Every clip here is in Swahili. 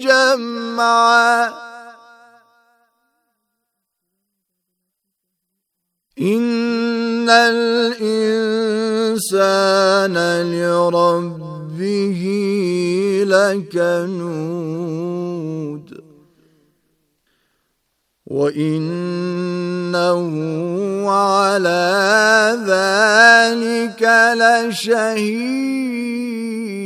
جمعا إن الإنسان لربه لكنود وانه على ذلك لشهيد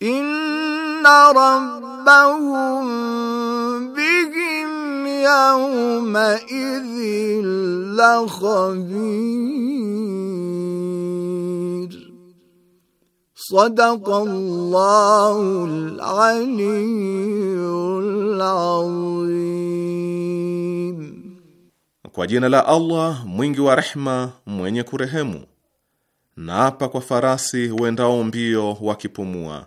inna rabbahum bihim yawma idhin lakhabir صدق الله العلي العظيم Kwa jina la Allah mwingi wa rehma mwenye kurehemu. Naapa kwa farasi wendao mbio wakipumua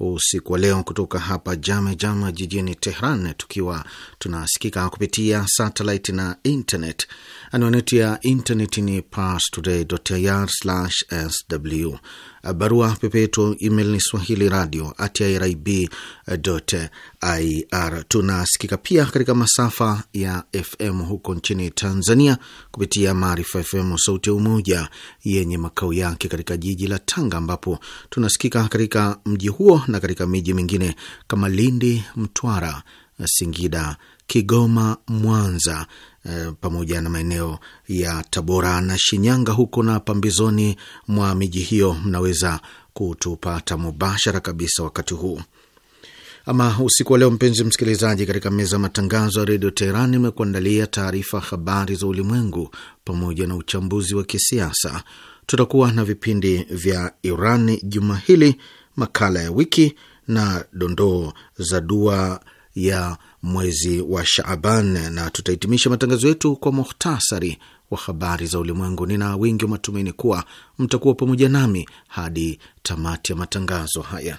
usiku wa leo kutoka hapa Jame Jama jijini Tehran, tukiwa tunasikika kupitia satellite na internet. Anwani ya internet ni parstoday.ir/sw Barua yetu email ni swahili radio at irib ir. Tunasikika pia katika masafa ya FM huko nchini Tanzania kupitia Maarifa FM sauti ya Umoja yenye makao yake katika jiji la Tanga, ambapo tunasikika katika mji huo na katika miji mingine kama Lindi, Mtwara, Singida, Kigoma, Mwanza Eh, pamoja na maeneo ya Tabora na Shinyanga huko na pambizoni mwa miji hiyo, mnaweza kutupata mubashara kabisa wakati huu. Ama usiku wa leo, mpenzi msikilizaji, katika meza ya matangazo ya redio Teheran imekuandalia taarifa habari za ulimwengu pamoja na uchambuzi wa kisiasa. Tutakuwa na vipindi vya Iran juma hili, makala ya wiki na dondoo za dua ya mwezi wa Shaaban, na tutahitimisha matangazo yetu kwa muhtasari wa habari za ulimwengu. Nina wingi wa matumaini kuwa mtakuwa pamoja nami hadi tamati ya matangazo haya.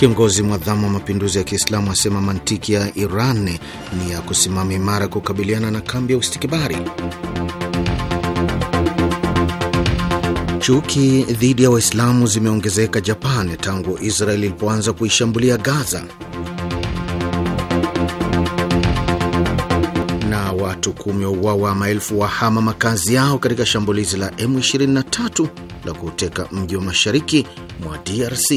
Kiongozi mwadhamu wa mapinduzi ya Kiislamu asema mantiki ya Iran ni ya kusimama imara kukabiliana na kambi ya ustikibari. Chuki dhidi ya Waislamu zimeongezeka Japan tangu Israeli ilipoanza kuishambulia Gaza. Na watu kumi wauawa, maelfu wahama makazi yao katika shambulizi la M23 la kuteka mji wa mashariki mwa DRC.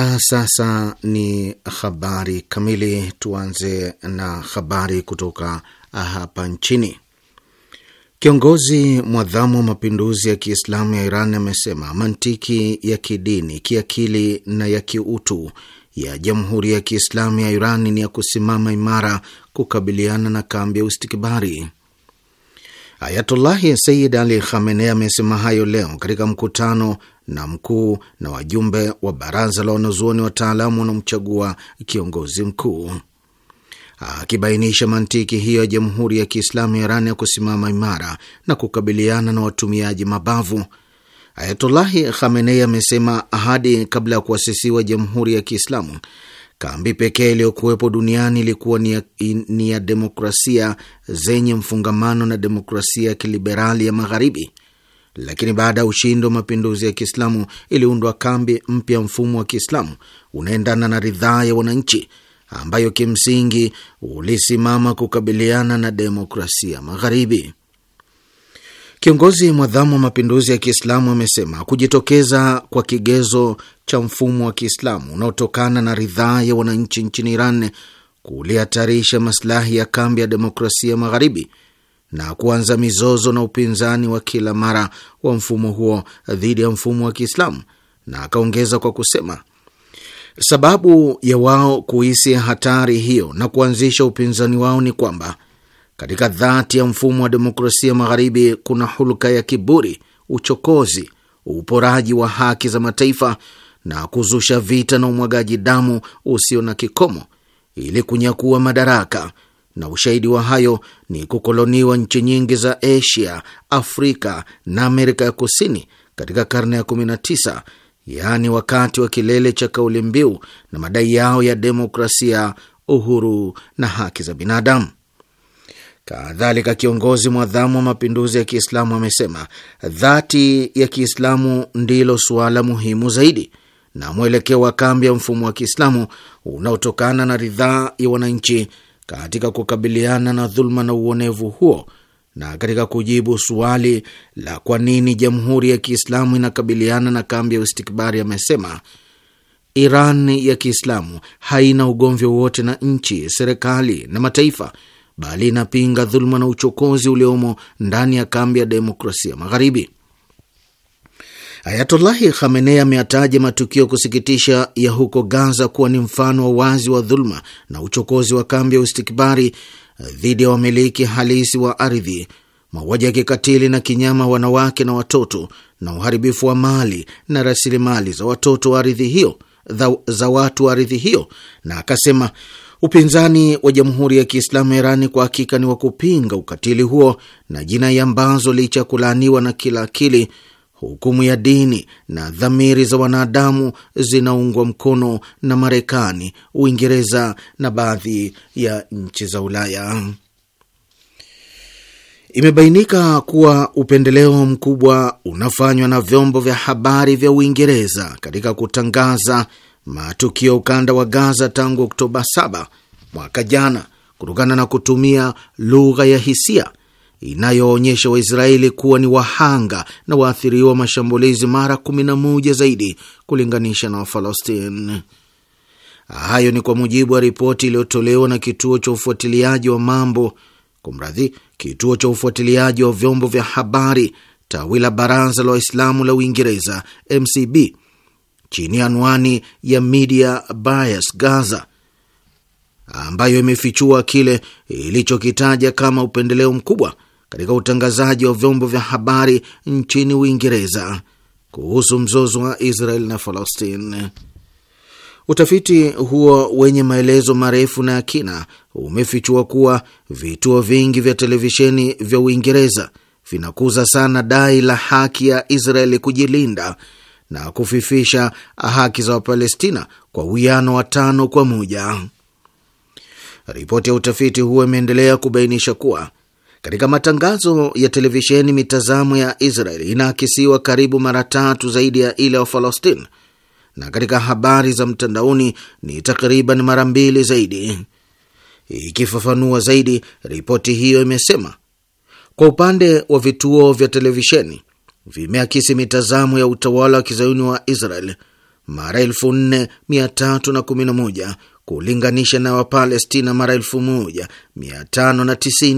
Na sasa ni habari kamili. Tuanze na habari kutoka ah, hapa nchini. Kiongozi mwadhamu wa mapinduzi ya Kiislamu ya Iran amesema mantiki ya kidini, kiakili na ya kiutu ya Jamhuri ya Kiislamu ya Iran ni ya kusimama imara kukabiliana na kambi ya ustikibari. Ayatullahi Sayyid Ali Khamenei amesema hayo leo katika mkutano na mkuu na wajumbe wa baraza la wanazuoni wataalamu wanamchagua kiongozi mkuu. Akibainisha mantiki hiyo ya Jamhuri ya Kiislamu ya Iran ya kusimama imara na kukabiliana na watumiaji mabavu, Ayatullahi Khamenei amesema hadi kabla ya kuasisiwa Jamhuri ya Kiislamu, kambi pekee iliyokuwepo duniani ilikuwa ni ya, ni ya demokrasia zenye mfungamano na demokrasia ya kiliberali ya Magharibi lakini baada ya ushindi wa mapinduzi ya Kiislamu iliundwa kambi mpya, mfumo wa Kiislamu unaendana na ridhaa ya wananchi, ambayo kimsingi ulisimama kukabiliana na demokrasia magharibi. Kiongozi mwadhamu wa mapinduzi ya Kiislamu amesema kujitokeza kwa kigezo cha mfumo wa Kiislamu unaotokana na ridhaa ya wananchi nchini Iran kulihatarisha masilahi ya kambi ya demokrasia magharibi na kuanza mizozo na upinzani wa kila mara wa mfumo huo dhidi ya mfumo wa Kiislamu, na akaongeza kwa kusema sababu ya wao kuhisi hatari hiyo na kuanzisha upinzani wao ni kwamba katika dhati ya mfumo wa demokrasia magharibi kuna hulka ya kiburi, uchokozi, uporaji wa haki za mataifa na kuzusha vita na umwagaji damu usio na kikomo ili kunyakua madaraka na ushahidi wa hayo ni kukoloniwa nchi nyingi za Asia, Afrika na Amerika ya Kusini katika karne ya 19, yaani wakati wa kilele cha kauli mbiu na madai yao ya demokrasia, uhuru na haki za binadamu. Kadhalika, kiongozi mwadhamu wa mapinduzi ya Kiislamu amesema dhati ya Kiislamu ndilo suala muhimu zaidi na mwelekeo wa kambi ya mfumo wa Kiislamu unaotokana na ridhaa ya wananchi katika kukabiliana na dhuluma na uonevu huo na katika kujibu suali la kwa nini Jamhuri ya Kiislamu inakabiliana na kambi ya uistikbari amesema Iran ya Kiislamu haina ugomvi wowote na nchi, serikali na mataifa, bali inapinga dhuluma na uchokozi uliomo ndani ya kambi ya demokrasia magharibi. Ayatullahi Khamenei ameataja matukio kusikitisha ya huko Gaza kuwa ni mfano wa wazi wa dhuluma na uchokozi wa kambi ya uistikbari eh, dhidi ya wamiliki halisi wa ardhi, mauaji ya kikatili na kinyama wanawake na watoto, na uharibifu wa mali na rasilimali za watoto wa ardhi hiyo za, za watu wa ardhi hiyo, na akasema upinzani wa Jamhuri ya Kiislamu ya Irani kwa hakika ni wa kupinga ukatili huo na jinai ambazo licha ya kulaaniwa na kila akili hukumu ya dini na dhamiri za wanadamu zinaungwa mkono na Marekani, Uingereza na baadhi ya nchi za Ulaya. Imebainika kuwa upendeleo mkubwa unafanywa na vyombo vya habari vya Uingereza katika kutangaza matukio ukanda wa Gaza tangu Oktoba 7 mwaka jana, kutokana na kutumia lugha ya hisia inayoonyesha Waisraeli kuwa ni wahanga na waathiriwa mashambulizi mara kumi na moja zaidi kulinganisha na Wafalastini. Hayo ni kwa mujibu wa ripoti iliyotolewa na kituo cha ufuatiliaji wa mambo kumradhi, kituo cha ufuatiliaji wa vyombo vya habari tawi la Baraza la Waislamu la Uingereza MCB chini ya anwani ya Media Bias Gaza ambayo imefichua kile ilichokitaja kama upendeleo mkubwa katika utangazaji wa vyombo vya habari nchini Uingereza kuhusu mzozo wa Israel na Palestine. Utafiti huo wenye maelezo marefu na ya kina umefichua kuwa vituo vingi vya televisheni vya Uingereza vinakuza sana dai la haki ya Israeli kujilinda na kufifisha haki za Wapalestina kwa uwiano wa tano kwa moja. Ripoti ya utafiti huo imeendelea kubainisha kuwa katika matangazo ya televisheni, mitazamo ya israel inaakisiwa karibu mara tatu zaidi ya ile ya Falastin, na katika habari za mtandaoni ni takriban mara mbili zaidi. Ikifafanua zaidi, ripoti hiyo imesema kwa upande wa vituo vya televisheni vimeakisi mitazamo ya utawala wa kizayuni wa Israel mara 4311 kulinganisha na Wapalestina mara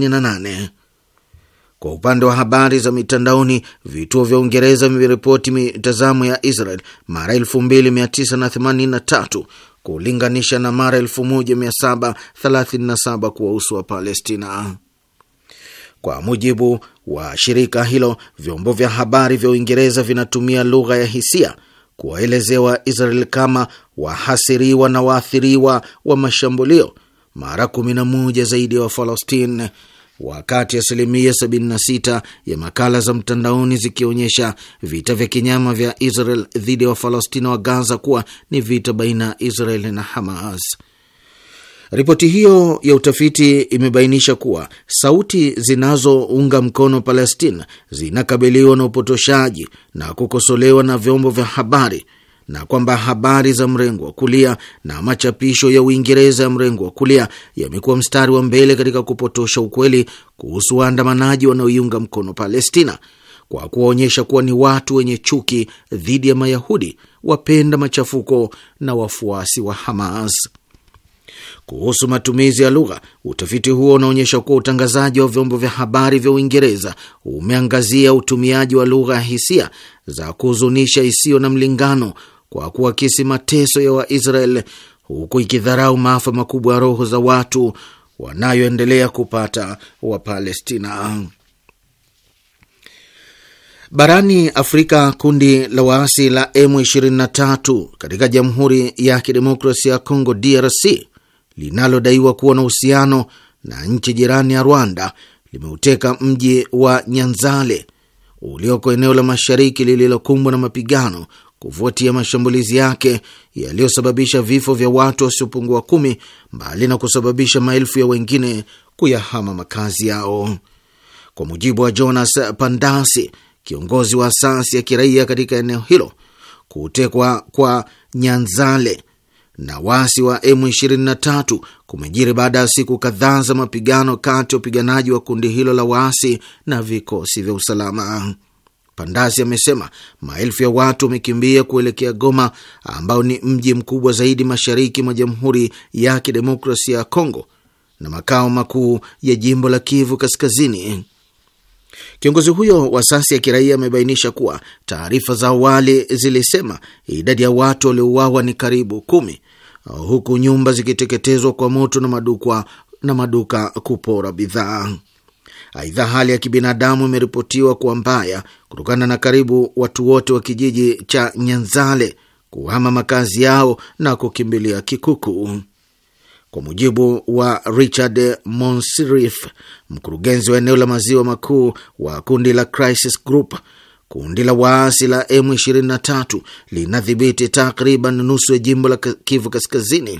nane. Kwa upande wa habari za mitandaoni, vituo vya Uingereza vimeripoti mitazamo ya Israel mara tatu kulinganisha na mara 1737 kuwahusu Wapalestina. Kwa mujibu wa shirika hilo, vyombo vya habari vya Uingereza vinatumia lugha ya hisia kuwaelezewa Israel kama wahasiriwa na waathiriwa wa mashambulio mara 11 zaidi ya wa Wafalastini, wakati asilimia 76 ya makala za mtandaoni zikionyesha vita vya kinyama vya Israel dhidi ya wa wa Gaza kuwa ni vita baina ya Israel na Hamas. Ripoti hiyo ya utafiti imebainisha kuwa sauti zinazounga mkono Palestina zinakabiliwa na upotoshaji na kukosolewa na vyombo vya habari na kwamba habari za mrengo wa kulia na machapisho ya Uingereza ya mrengo wa kulia yamekuwa mstari wa mbele katika kupotosha ukweli kuhusu waandamanaji wanaoiunga mkono Palestina kwa kuwaonyesha kuwa ni watu wenye chuki dhidi ya Mayahudi, wapenda machafuko na wafuasi wa Hamas. Kuhusu matumizi ya lugha, utafiti huo unaonyesha kuwa utangazaji wa vyombo vya habari vya Uingereza umeangazia utumiaji wa lugha ya hisia za kuhuzunisha isiyo na mlingano kwa kuakisi mateso ya Waisrael, huku ikidharau maafa makubwa ya roho za watu wanayoendelea kupata Wapalestina. Barani Afrika, kundi la waasi la M23 katika Jamhuri ya Kidemokrasia ya Kongo, DRC, linalodaiwa kuwa na uhusiano na nchi jirani ya Rwanda limeuteka mji wa Nyanzale ulioko eneo la mashariki lililokumbwa na mapigano kufuatia mashambulizi yake yaliyosababisha vifo vya watu wasiopungua wa kumi, mbali na kusababisha maelfu ya wengine kuyahama makazi yao. Kwa mujibu wa Jonas Pandasi, kiongozi wa asasi ya kiraia katika eneo hilo, kutekwa kwa Nyanzale na wasi wa M23 kumejiri baada ya siku kadhaa za mapigano kati ya wapiganaji wa kundi hilo la waasi na vikosi vya usalama. Pandasi amesema maelfu ya watu wamekimbia kuelekea Goma, ambao ni mji mkubwa zaidi mashariki mwa Jamhuri ya Kidemokrasia ya Kongo na makao makuu ya jimbo la Kivu Kaskazini. Kiongozi huyo wa asasi ya kiraia amebainisha kuwa taarifa za awali zilisema idadi ya watu waliouawa ni karibu kumi, huku nyumba zikiteketezwa kwa moto na maduka, na maduka kupora bidhaa. Aidha, hali ya kibinadamu imeripotiwa kuwa mbaya kutokana na karibu watu wote wa kijiji cha Nyanzale kuhama makazi yao na kukimbilia Kikuku. Kwa mujibu wa Richard Monsirif, mkurugenzi wa eneo la maziwa makuu wa kundi la Crisis Group, kundi la waasi la M23 linadhibiti takriban nusu ya jimbo la Kivu Kaskazini.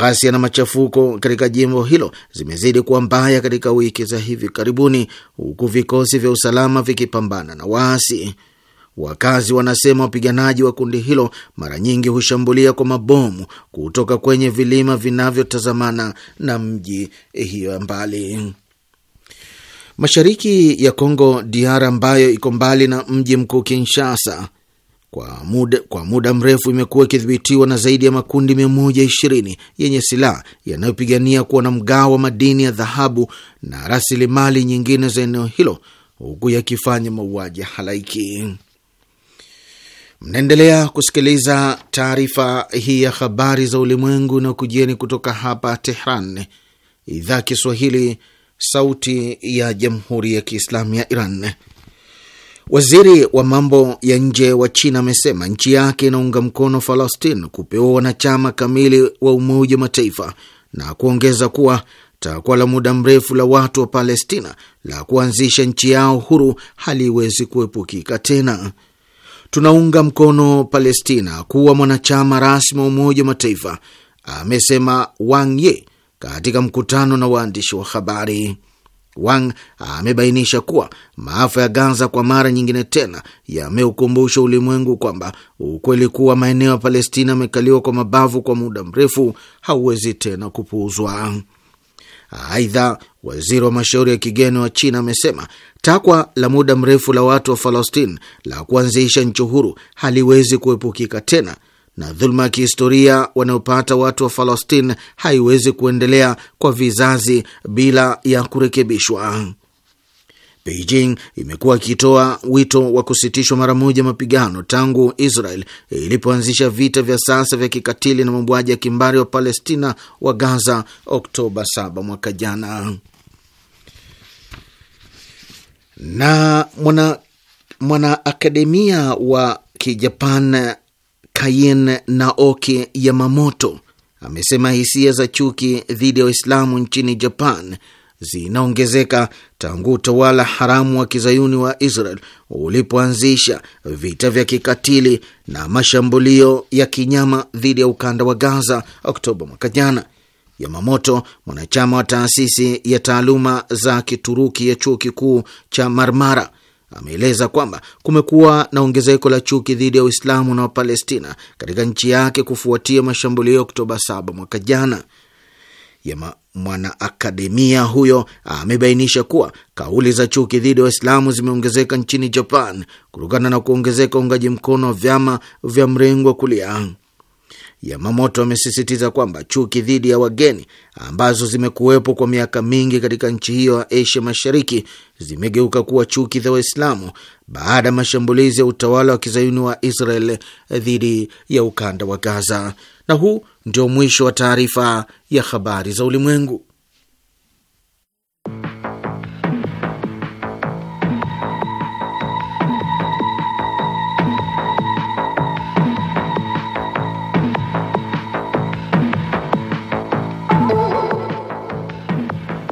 Ghasia na machafuko katika jimbo hilo zimezidi kuwa mbaya katika wiki za hivi karibuni, huku vikosi vya usalama vikipambana na waasi. Wakazi wanasema wapiganaji wa kundi hilo mara nyingi hushambulia kwa mabomu kutoka kwenye vilima vinavyotazamana na mji hiyo ya mbali. Mashariki ya congo DR ambayo iko mbali na mji mkuu Kinshasa kwa muda, kwa muda mrefu imekuwa ikidhibitiwa na zaidi ya makundi 120 yenye silaha yanayopigania kuwa na mgao wa madini ya dhahabu na rasilimali nyingine za eneo hilo huku yakifanya mauaji halaiki. Mnaendelea kusikiliza taarifa hii ya habari za ulimwengu na kujieni kutoka hapa Tehran, idhaa Kiswahili, sauti ya jamhuri ya kiislamu ya Iran. Waziri wa mambo ya nje wa China amesema nchi yake inaunga mkono Falastin kupewa wanachama kamili wa Umoja wa Mataifa na kuongeza kuwa takwa la muda mrefu la watu wa Palestina la kuanzisha nchi yao huru haliwezi kuepukika tena tunaunga mkono Palestina kuwa mwanachama rasmi wa Umoja wa Mataifa, amesema Wang Ye katika mkutano na waandishi wa habari. Wang amebainisha kuwa maafa ya Gaza kwa mara nyingine tena yameukumbusha ulimwengu kwamba ukweli kuwa maeneo ya Palestina yamekaliwa kwa mabavu kwa muda mrefu hauwezi tena kupuuzwa. Aidha, waziri wa mashauri ya kigeni wa China amesema takwa la muda mrefu la watu wa Falastin la kuanzisha nchi huru haliwezi kuepukika tena na dhuluma ya kihistoria wanayopata watu wa Falastin haiwezi kuendelea kwa vizazi bila ya kurekebishwa. Beijing imekuwa ikitoa wito wa kusitishwa mara moja mapigano tangu Israel ilipoanzisha vita vya sasa vya kikatili na mauaji ya kimbari wa Palestina wa Gaza Oktoba 7 mwaka jana. Na mwana mwanaakademia wa Kijapan Kayen Naoki Yamamoto amesema hisia za chuki dhidi ya Waislamu nchini Japan zinaongezeka tangu utawala haramu wa kizayuni wa Israel ulipoanzisha vita vya kikatili na mashambulio ya kinyama dhidi ya ukanda wa Gaza Oktoba mwaka jana. Yamamoto, mwanachama wa taasisi ya taaluma za Kituruki ya chuo kikuu cha Marmara, ameeleza kwamba kumekuwa na ongezeko la chuki dhidi ya Uislamu na Wapalestina katika nchi yake kufuatia mashambulio ya Oktoba 7 mwaka jana ya mwanaakademia huyo amebainisha kuwa kauli za chuki dhidi ya Waislamu zimeongezeka nchini Japan kutokana na kuongezeka uungaji mkono wa vyama vya mrengo wa kulia. Yamamoto amesisitiza kwamba chuki dhidi ya wageni ambazo zimekuwepo kwa miaka mingi katika nchi hiyo ya Asia Mashariki zimegeuka kuwa chuki za Waislamu baada ya mashambulizi ya utawala wa kizayuni wa Israel dhidi ya ukanda wa Gaza. Na huu ndio mwisho wa taarifa ya habari za ulimwengu.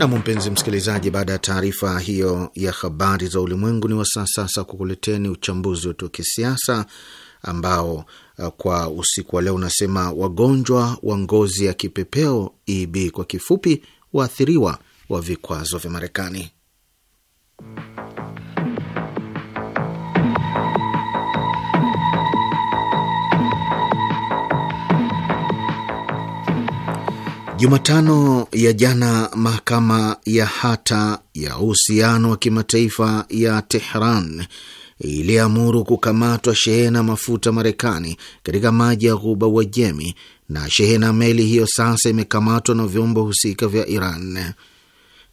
Nam, mpenzi msikilizaji, baada ya taarifa hiyo ya habari za ulimwengu, ni wasaa sasa kukuleteni uchambuzi wetu wa kisiasa ambao uh, kwa usiku wa leo unasema wagonjwa wa ngozi ya kipepeo EB kwa kifupi, waathiriwa wa vikwazo vya Marekani. Jumatano ya jana mahakama ya hata ya uhusiano wa kimataifa ya Tehran iliamuru kukamatwa shehena mafuta Marekani katika maji ya ghuba Uajemi, na shehena meli hiyo sasa imekamatwa na vyombo husika vya Iran.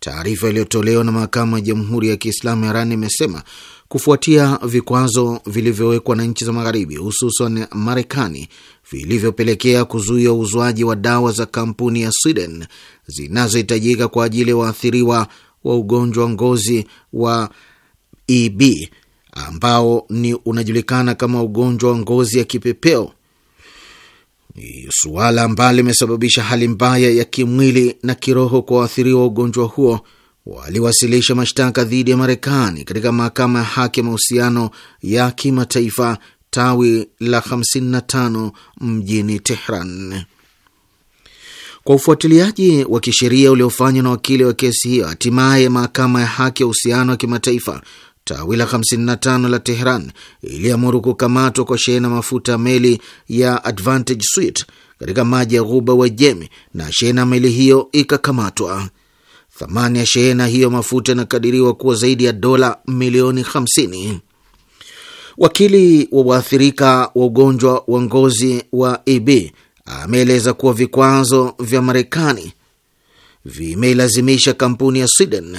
Taarifa iliyotolewa na mahakama ya Jamhuri ya Kiislamu ya Iran imesema kufuatia vikwazo vilivyowekwa na nchi za Magharibi, hususan Marekani, vilivyopelekea kuzuia uuzwaji wa dawa za kampuni ya Sweden zinazohitajika kwa ajili ya waathiriwa wa ugonjwa ngozi wa EB ambao ni unajulikana kama ugonjwa wa ngozi ya kipepeo ni suala ambalo limesababisha hali mbaya ya kimwili na kiroho kwa waathiriwa wa ugonjwa huo waliwasilisha mashtaka dhidi ya Marekani katika mahakama ya haki ya mahusiano ya kimataifa tawi la 55 mjini Tehran. Kwa ufuatiliaji wa kisheria uliofanywa na wakili wa kesi hiyo, hatimaye mahakama ya haki ya uhusiano wa kimataifa tawi la 55 la Tehran iliamuru kukamatwa kwa shehena mafuta ya meli ya Advantage Sweet katika maji ya ghuba Jemi na shehena meli hiyo ikakamatwa. Thamani ya shehena hiyo mafuta inakadiriwa kuwa zaidi ya dola milioni 50. Wakili wa waathirika wa ugonjwa wa ngozi wa EB ameeleza kuwa vikwazo vya Marekani vimeilazimisha kampuni ya Sweden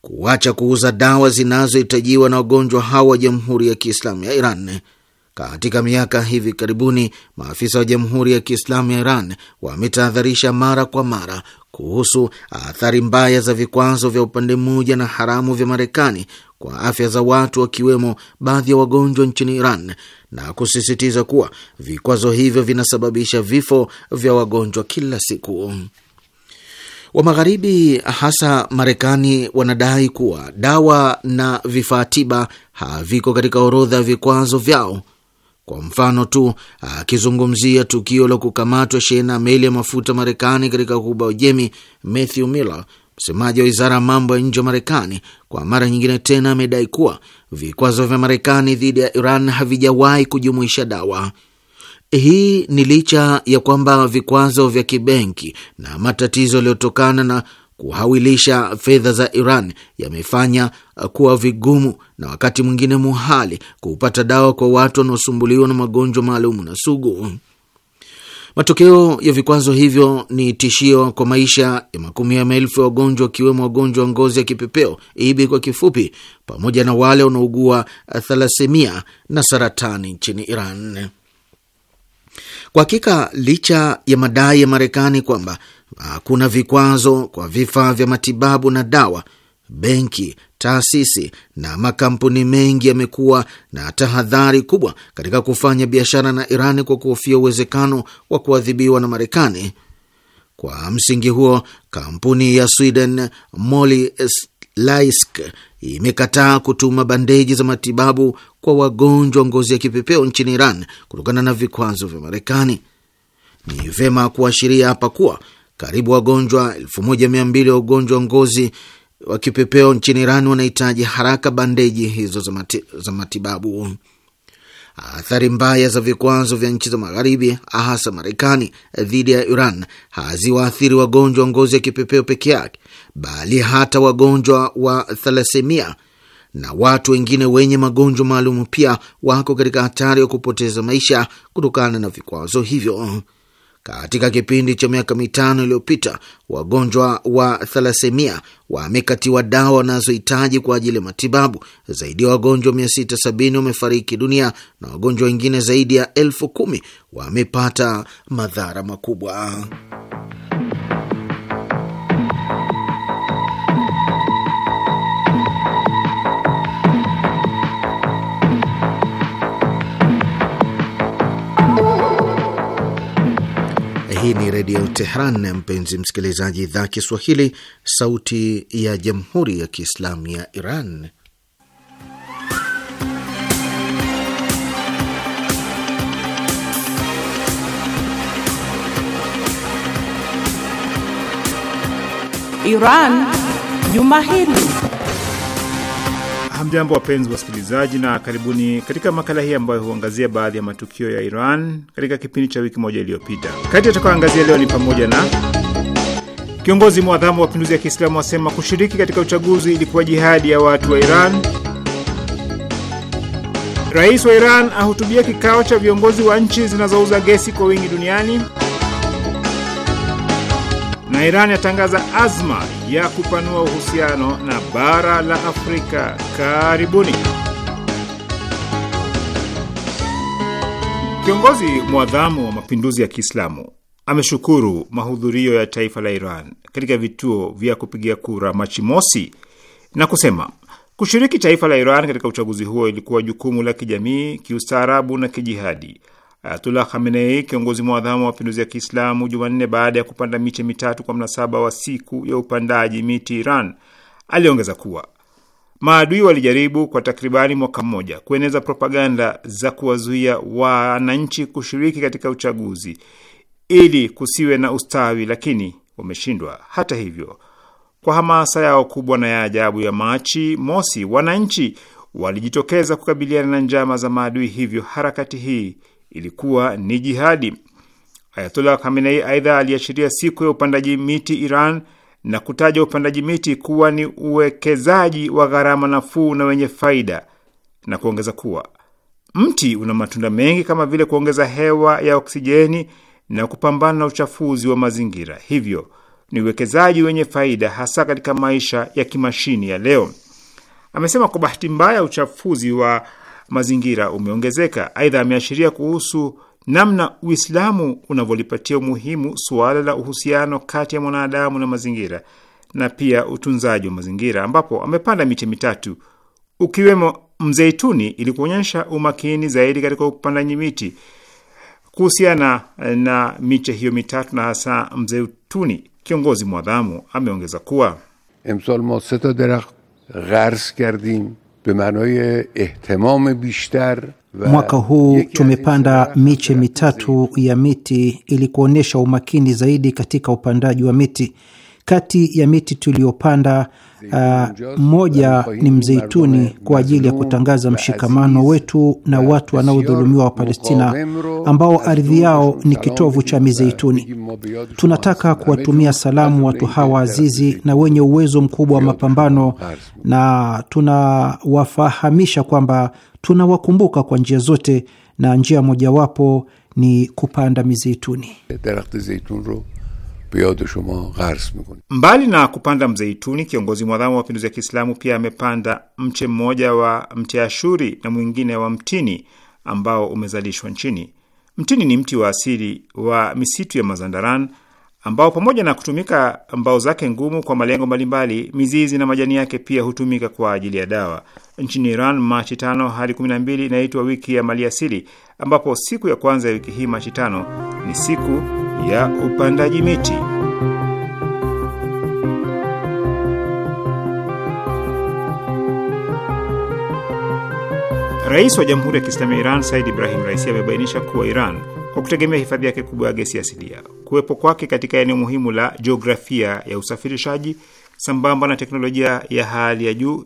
kuacha kuuza dawa zinazohitajiwa na wagonjwa hawa wa Jamhuri ya Kiislamu ya Iran. Katika miaka hivi karibuni, maafisa wa Jamhuri ya Kiislamu ya Iran wametahadharisha mara kwa mara kuhusu athari mbaya za vikwazo vya upande mmoja na haramu vya Marekani kwa afya za watu wakiwemo baadhi ya wagonjwa nchini Iran na kusisitiza kuwa vikwazo hivyo vinasababisha vifo vya wagonjwa kila siku wa Magharibi, hasa Marekani, wanadai kuwa dawa na vifaa tiba haviko katika orodha ya vikwazo vyao. Kwa mfano tu, akizungumzia tukio la kukamatwa shehena meli ya mafuta Marekani katika ghuba Ujemi, Matthew Miller, msemaji wa wizara ya mambo ya nje wa Marekani, kwa mara nyingine tena amedai kuwa vikwazo vya Marekani dhidi ya Iran havijawahi kujumuisha dawa. Hii ni licha ya kwamba vikwazo vya kibenki na matatizo yaliyotokana na kuhawilisha fedha za Iran yamefanya uh, kuwa vigumu na wakati mwingine muhali kupata dawa kwa watu wanaosumbuliwa na magonjwa maalum na sugu. Matokeo ya vikwazo hivyo ni tishio kwa maisha ya makumi ya maelfu ya wagonjwa wakiwemo wagonjwa wa ngozi ya kipepeo ibi kwa kifupi, pamoja na wale wanaougua thalasemia na saratani nchini Iran. Kwa hakika, licha ya madai ya Marekani kwamba hakuna vikwazo kwa vifaa vya matibabu na dawa, benki, taasisi na makampuni mengi yamekuwa na tahadhari kubwa katika kufanya biashara na Iran kwa kuhofia uwezekano wa kuadhibiwa na Marekani. Kwa msingi huo, kampuni ya Sweden Molly Laisk imekataa kutuma bandeji za matibabu kwa wagonjwa ngozi ya kipepeo nchini Iran kutokana na vikwazo vya Marekani. Ni vema kuashiria hapa kuwa karibu wagonjwa 1200 wa ugonjwa wa ngozi wa kipepeo nchini Iran wanahitaji haraka bandeji hizo za, mati, za matibabu. Athari mbaya za vikwazo vya nchi za Magharibi, hasa Marekani, dhidi ya Iran haziwaathiri wagonjwa ngozi ya kipepeo peke yake, bali hata wagonjwa wa thalasemia na watu wengine wenye magonjwa maalum pia wako katika hatari ya kupoteza maisha kutokana na vikwazo hivyo. Katika kipindi cha miaka mitano iliyopita, wagonjwa wa thalasemia wamekatiwa dawa wanazohitaji kwa ajili ya matibabu. Zaidi ya wagonjwa 670 wamefariki dunia na wagonjwa wengine zaidi ya elfu kumi wamepata madhara makubwa. Hii ni Redio Tehran, mpenzi msikilizaji, idhaa Kiswahili, sauti ya Jamhuri ya Kiislamu ya Iran. Iran Juma Hili. Hamjambo, wapenzi wasikilizaji, na karibuni katika makala hii ambayo huangazia baadhi ya matukio ya Iran katika kipindi cha wiki moja iliyopita. Kati yatakayoangazia leo ni pamoja na kiongozi mwadhamu wa mapinduzi ya Kiislamu wasema kushiriki katika uchaguzi ilikuwa jihadi ya watu wa Iran, rais wa Iran ahutubia kikao cha viongozi wa nchi zinazouza gesi kwa wingi duniani na Iran yatangaza azma ya kupanua uhusiano na bara la Afrika. Karibuni. Kiongozi mwadhamu wa mapinduzi ya Kiislamu ameshukuru mahudhurio ya taifa la Iran katika vituo vya kupigia kura Machi mosi na kusema kushiriki taifa la Iran katika uchaguzi huo ilikuwa jukumu la kijamii, kiustaarabu na kijihadi Ayatullah Khamenei, kiongozi mwadhamu wa mapinduzi ya Kiislamu, Jumanne baada ya kupanda miche mitatu kwa mnasaba wa siku ya upandaji miti Iran, aliongeza kuwa maadui walijaribu kwa takribani mwaka mmoja kueneza propaganda za kuwazuia wananchi kushiriki katika uchaguzi ili kusiwe na ustawi, lakini wameshindwa. Hata hivyo, kwa hamasa yao kubwa na ya ajabu ya Machi mosi, wananchi walijitokeza kukabiliana na njama za maadui, hivyo harakati hii ilikuwa ni jihadi. Ayatollah Khamenei aidha aliashiria siku ya upandaji miti Iran na kutaja upandaji miti kuwa ni uwekezaji wa gharama nafuu na wenye faida na kuongeza kuwa mti una matunda mengi kama vile kuongeza hewa ya oksijeni na kupambana na uchafuzi wa mazingira. Hivyo ni uwekezaji wenye faida hasa katika maisha ya kimashini ya leo, amesema. Kwa bahati mbaya, uchafuzi wa mazingira umeongezeka. Aidha, ameashiria kuhusu namna Uislamu unavyolipatia umuhimu suala la uhusiano kati ya mwanadamu na mazingira na pia utunzaji wa mazingira, ambapo amepanda miche mitatu ukiwemo mzeituni ili kuonyesha umakini zaidi katika upandaji miti. Kuhusiana na miche hiyo mitatu na hasa mzeituni, kiongozi mwadhamu ameongeza kuwa emsol mo gharz kardim به معنای احتمام بیشتر mwaka huu tumepanda miche mitatu ya miti ili kuonyesha umakini zaidi katika upandaji wa miti. Kati ya miti tuliyopanda uh, ah, mmoja ni mzeituni kwa ajili ya kutangaza mshikamano wetu na watu wanaodhulumiwa wa Palestina ambao ardhi yao ni kitovu cha mizeituni. Tunataka kuwatumia salamu watu hawa azizi na wenye uwezo mkubwa wa mapambano, na tunawafahamisha kwamba tunawakumbuka kwa njia zote, na njia mojawapo ni kupanda mizeituni. پیاد شما غرس میکنه. Mbali na kupanda mzeituni, kiongozi mwadhamu wa mapinduzi ya Kiislamu pia amepanda mche mmoja wa mti ashuri na mwingine wa mtini ambao umezalishwa nchini. Mtini ni mti wa asili wa misitu ya Mazandaran ambao pamoja na kutumika mbao zake ngumu kwa malengo mbalimbali, mizizi na majani yake pia hutumika kwa ajili ya dawa. Nchini Iran, Machi tano hadi kumi na mbili inaitwa wiki ya maliasili, ambapo siku ya kwanza ya wiki hii Machi tano ni siku ya upandaji miti. Rais wa Jamhuri ya Kiislamu ya Iran Said Ibrahim Raisi amebainisha kuwa Iran kwa kutegemea hifadhi yake kubwa ya gesi asilia kuwepo kwake katika eneo muhimu la jiografia ya usafirishaji sambamba na teknolojia ya hali ya juu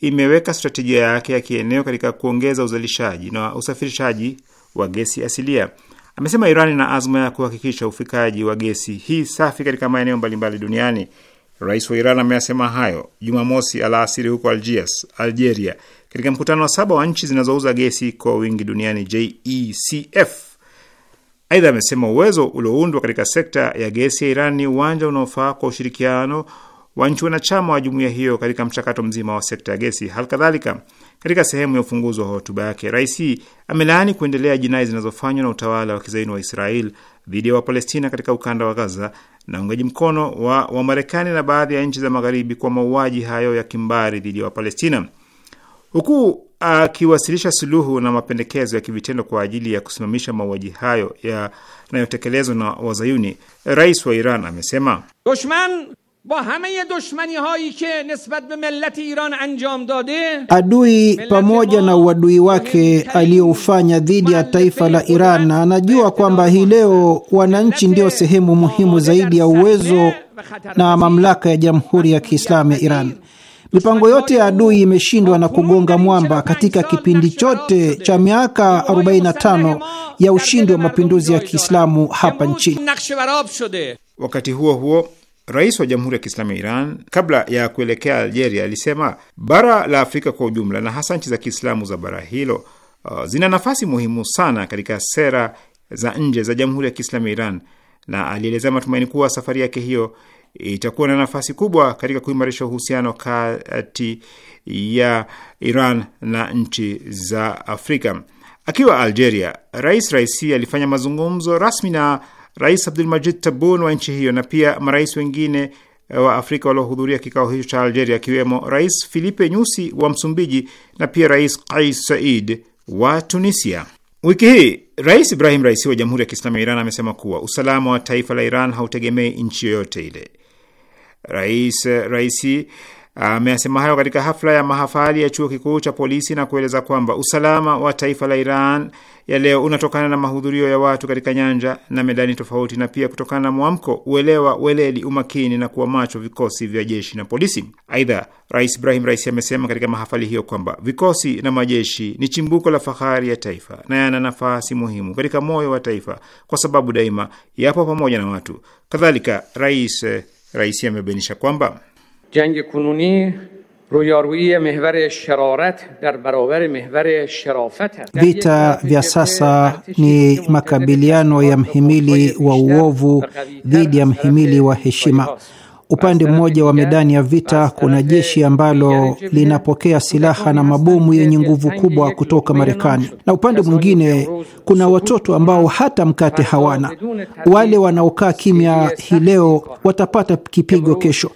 imeweka strategia yake ya kieneo katika kuongeza uzalishaji na usafirishaji wa gesi asilia. Amesema Iran ina azma ya kuhakikisha ufikaji wa gesi hii safi katika maeneo mbalimbali duniani. Rais wa Iran ameyasema hayo Jumamosi alaasiri huko Algiers, Algeria, katika mkutano wa saba wa nchi zinazouza gesi kwa wingi duniani JECF. Aidha, amesema uwezo ulioundwa katika sekta ya gesi ya Iran ni uwanja unaofaa kwa ushirikiano wa nchi wanachama wa jumuiya hiyo katika mchakato mzima wa sekta ya gesi. Hali kadhalika, katika sehemu ya ufunguzi wa hotuba yake, rais amelaani kuendelea jinai zinazofanywa na utawala wa kizaini wa Israel dhidi ya Wapalestina katika ukanda wa Gaza na uungaji mkono wa marekani na baadhi ya nchi za Magharibi kwa mauaji hayo ya kimbari dhidi ya Wapalestina, huku akiwasilisha suluhu na mapendekezo ya kivitendo kwa ajili ya kusimamisha mauaji hayo yanayotekelezwa na Wazayuni, rais wa Iran amesema dushman adui pamoja na uadui wake aliyoufanya dhidi ya taifa la Iran, anajua kwamba hii leo wananchi ndio sehemu muhimu zaidi ya uwezo na mamlaka ya Jamhuri ya Kiislamu ya Iran. Mipango yote ya adui imeshindwa na kugonga mwamba katika kipindi chote cha miaka 45 ya ushindi wa mapinduzi ya Kiislamu hapa nchini. Wakati huo huo, Rais wa Jamhuri ya Kiislamu ya Iran kabla ya kuelekea Algeria alisema bara la Afrika kwa ujumla na hasa nchi za Kiislamu za bara hilo uh, zina nafasi muhimu sana katika sera za nje za Jamhuri ya Kiislamu ya Iran, na alielezea matumaini kuwa safari yake hiyo itakuwa na nafasi kubwa katika kuimarisha uhusiano kati ya Iran na nchi za Afrika. Akiwa Algeria, Rais Raisi alifanya mazungumzo rasmi na Rais Abdulmajid Tabun wa nchi hiyo na pia marais wengine eh, wa Afrika waliohudhuria kikao hicho cha Algeria, akiwemo Rais Filipe Nyusi wa Msumbiji na pia Rais Kais Said wa Tunisia. Wiki hii Rais Ibrahim Raisi wa Jamhuri ya Kiislamu ya Iran amesema kuwa usalama wa taifa la Iran hautegemei nchi yoyote ile. Rais eh, Raisi eh, ameasema hayo katika hafla ya mahafali ya chuo kikuu cha polisi na kueleza kwamba usalama wa taifa la Iran ya leo unatokana na mahudhurio ya watu katika nyanja na medani tofauti, na pia kutokana na mwamko, uelewa, weledi, umakini na kuwa macho vikosi vya jeshi na polisi. Aidha, Rais Ibrahim Raisi amesema katika mahafali hiyo kwamba vikosi na majeshi ni chimbuko la fahari ya taifa na yana nafasi muhimu katika moyo wa taifa, kwa sababu daima yapo pamoja na watu. Kadhalika, Rais eh, Raisi amebainisha kwamba jangi kununi Vita vya sasa ni makabiliano ya mhimili wa uovu dhidi ya mhimili wa heshima. Upande mmoja wa medani ya vita kuna jeshi ambalo linapokea silaha na mabomu yenye nguvu kubwa kutoka Marekani, na upande mwingine kuna watoto ambao hata mkate hawana. Wale wanaokaa kimya hii leo watapata kipigo kesho.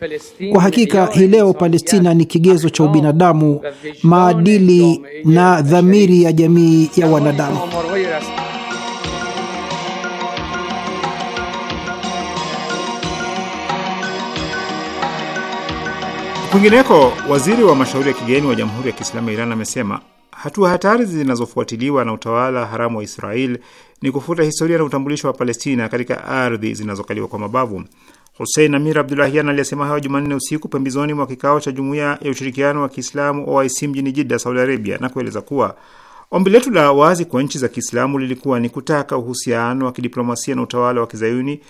Kwa hakika, hii leo Palestina ni kigezo cha ubinadamu, maadili na dhamiri ya jamii ya wanadamu. Kwingineko, waziri wa mashauri ya kigeni wa Jamhuri ya Kiislamu ya Iran amesema hatua hatari zinazofuatiliwa na utawala haramu wa Israel ni kufuta historia na utambulisho wa Palestina katika ardhi zinazokaliwa kwa mabavu. Husein Amir Abdulahian aliyesema hayo Jumanne usiku pembezoni mwa kikao cha Jumuiya ya Ushirikiano wa Kiislamu OIC mjini Jidda, Saudi Arabia, na kueleza kuwa ombi letu la wazi kwa nchi za Kiislamu lilikuwa ni kutaka uhusiano wa kidiplomasia na utawala wa kizayuni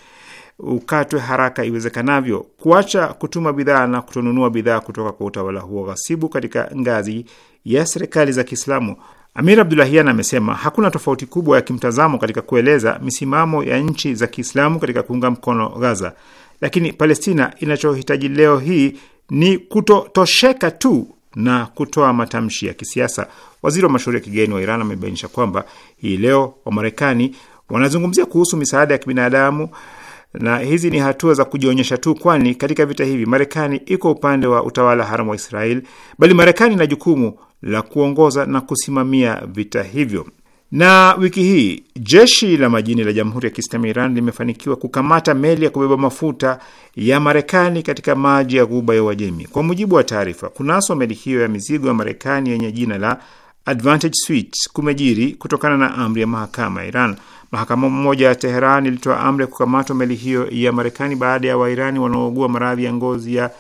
ukatwe haraka iwezekanavyo, kuacha kutuma bidhaa na kutonunua bidhaa kutoka kwa utawala huo ghasibu katika ngazi ya serikali za Kiislamu. Amir Abdulahian amesema hakuna tofauti kubwa ya kimtazamo katika kueleza misimamo ya nchi za Kiislamu katika kuunga mkono Gaza, lakini Palestina inachohitaji leo hii ni kutotosheka tu na kutoa matamshi ya kisiasa. Waziri wa mashauri ya kigeni wa Iran amebainisha kwamba hii leo Wamarekani wanazungumzia kuhusu misaada ya kibinadamu na hizi ni hatua za kujionyesha tu, kwani katika vita hivi Marekani iko upande wa utawala haramu wa Israel, bali Marekani ina jukumu la kuongoza na kusimamia vita hivyo. Na wiki hii jeshi la majini la Jamhuri ya Kiislamu ya Iran limefanikiwa kukamata meli ya kubeba mafuta ya Marekani katika maji ya Ghuba ya Uajemi. Kwa mujibu wa taarifa, kunaswa meli hiyo ya mizigo ya Marekani yenye jina la Advantage Suite kumejiri kutokana na amri ya mahakama ya Iran. Mahakama moja ya Teheran ilitoa amri ya kukamatwa meli hiyo ya Marekani baada ya Wairani wanaougua maradhi ya ngozi ya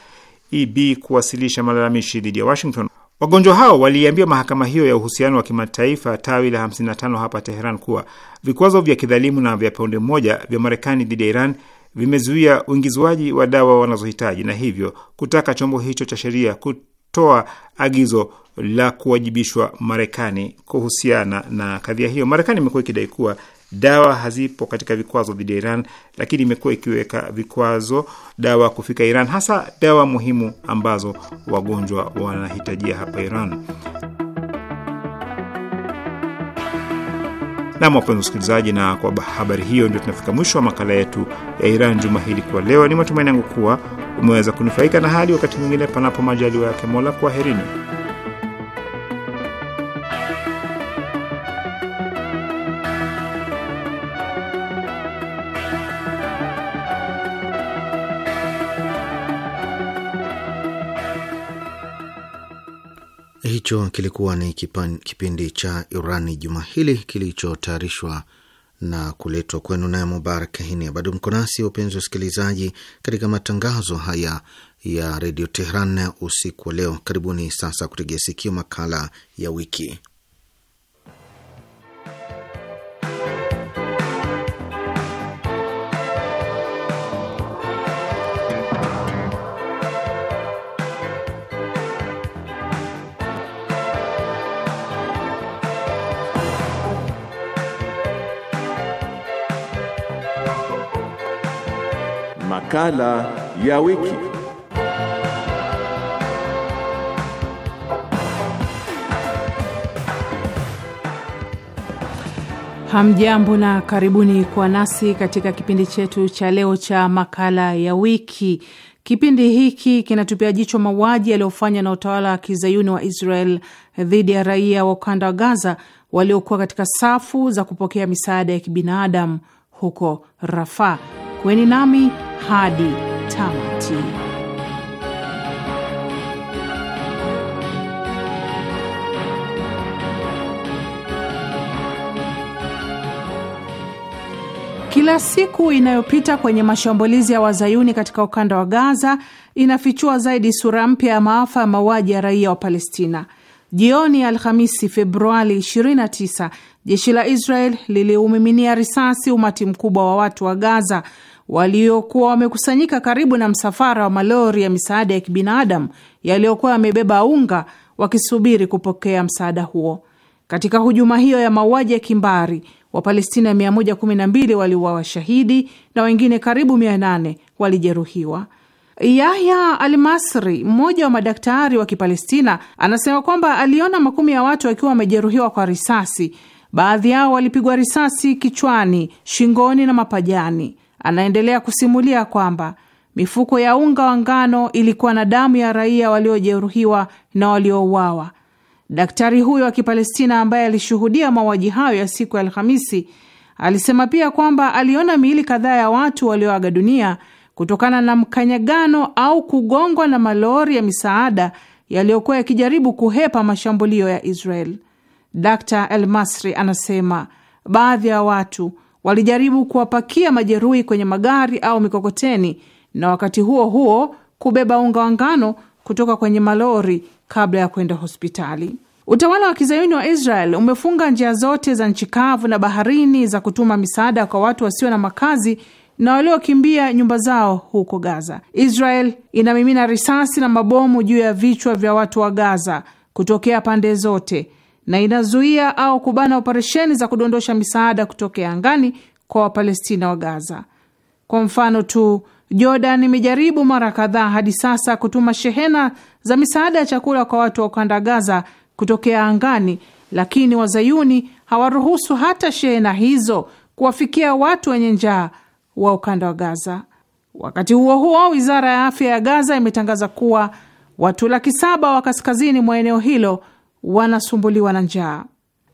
EB kuwasilisha malalamishi dhidi ya Washington. Wagonjwa hao waliiambia mahakama hiyo ya uhusiano wa kimataifa tawi la 55 hapa Teheran kuwa vikwazo vya kidhalimu na vya pande moja vya Marekani dhidi ya Iran vimezuia uingizwaji wa dawa wanazohitaji na hivyo kutaka chombo hicho cha sheria kutoa agizo la kuwajibishwa Marekani kuhusiana na kadhia hiyo. Marekani imekuwa ikidai kuwa dawa hazipo katika vikwazo dhidi ya Iran, lakini imekuwa ikiweka vikwazo dawa kufika Iran, hasa dawa muhimu ambazo wagonjwa wanahitajia hapa Iran. Nam, wapenzi usikilizaji, na kwa habari hiyo ndio tunafika mwisho wa makala yetu ya Iran juma hili kwa leo. Ni matumaini yangu kuwa umeweza kunufaika na hali wakati mwingine, panapo majaliwa yake Mola. Kwaherini. hicho kilikuwa ni kipan, kipindi cha Irani juma hili kilichotayarishwa na kuletwa kwenu naye Mubarak Hinia. Bado mko nasi wapenzi usikilizaji, katika matangazo haya ya redio Tehran usiku wa leo. Karibuni sasa kutegea sikio makala ya wiki Makala ya wiki. Hamjambo na karibuni kwa nasi katika kipindi chetu cha leo cha makala ya wiki. Kipindi hiki kinatupia jicho mauaji yaliyofanywa na utawala wa kizayuni wa Israel dhidi ya raia wa ukanda wa Gaza waliokuwa katika safu za kupokea misaada ya kibinadamu huko Rafaa. Kweni nami hadi tamati. Kila siku inayopita kwenye mashambulizi ya wazayuni katika ukanda wa Gaza inafichua zaidi sura mpya ya maafa ya mauaji ya raia wa Palestina. Jioni ya Alhamisi, Februari 29, jeshi la Israel liliumiminia risasi umati mkubwa wa watu wa Gaza waliokuwa wamekusanyika karibu na msafara wa malori ya misaada ya kibinadamu yaliyokuwa yamebeba unga wakisubiri kupokea msaada huo. Katika hujuma hiyo ya mauaji ya kimbari, Wapalestina 112 waliuawa washahidi na wengine karibu 800 walijeruhiwa. Yahya Almasri, mmoja wa madaktari wa Kipalestina, anasema kwamba aliona makumi ya watu wakiwa wamejeruhiwa kwa risasi. Baadhi yao walipigwa risasi kichwani, shingoni na mapajani. Anaendelea kusimulia kwamba mifuko ya unga wa ngano ilikuwa na damu ya raia waliojeruhiwa na waliouawa. Daktari huyo wa Kipalestina ambaye alishuhudia mauaji hayo ya siku ya Alhamisi alisema pia kwamba aliona miili kadhaa ya watu walioaga dunia kutokana na mkanyagano au kugongwa na malori ya misaada yaliyokuwa yakijaribu kuhepa mashambulio ya Israel. Dr. El Masri anasema baadhi ya watu walijaribu kuwapakia majeruhi kwenye magari au mikokoteni na wakati huo huo kubeba unga wa ngano kutoka kwenye malori kabla ya kwenda hospitali. Utawala wa kizayuni wa Israel umefunga njia zote za nchi kavu na baharini za kutuma misaada kwa watu wasio na makazi na waliokimbia nyumba zao huko Gaza. Israel inamimina risasi na mabomu juu ya vichwa vya watu wa Gaza kutokea pande zote na inazuia au kubana operesheni za kudondosha misaada kutokea angani kwa Wapalestina wa Gaza. Kwa mfano tu, Jordan imejaribu mara kadhaa hadi sasa kutuma shehena za misaada ya chakula kwa watu wa ukanda Gaza kutokea angani, lakini wazayuni hawaruhusu hata shehena hizo kuwafikia watu wenye njaa wa ukanda wa Gaza. Wakati huo huo, wizara ya afya ya Gaza imetangaza kuwa watu laki saba wa kaskazini mwa eneo hilo wanasumbuliwa na njaa.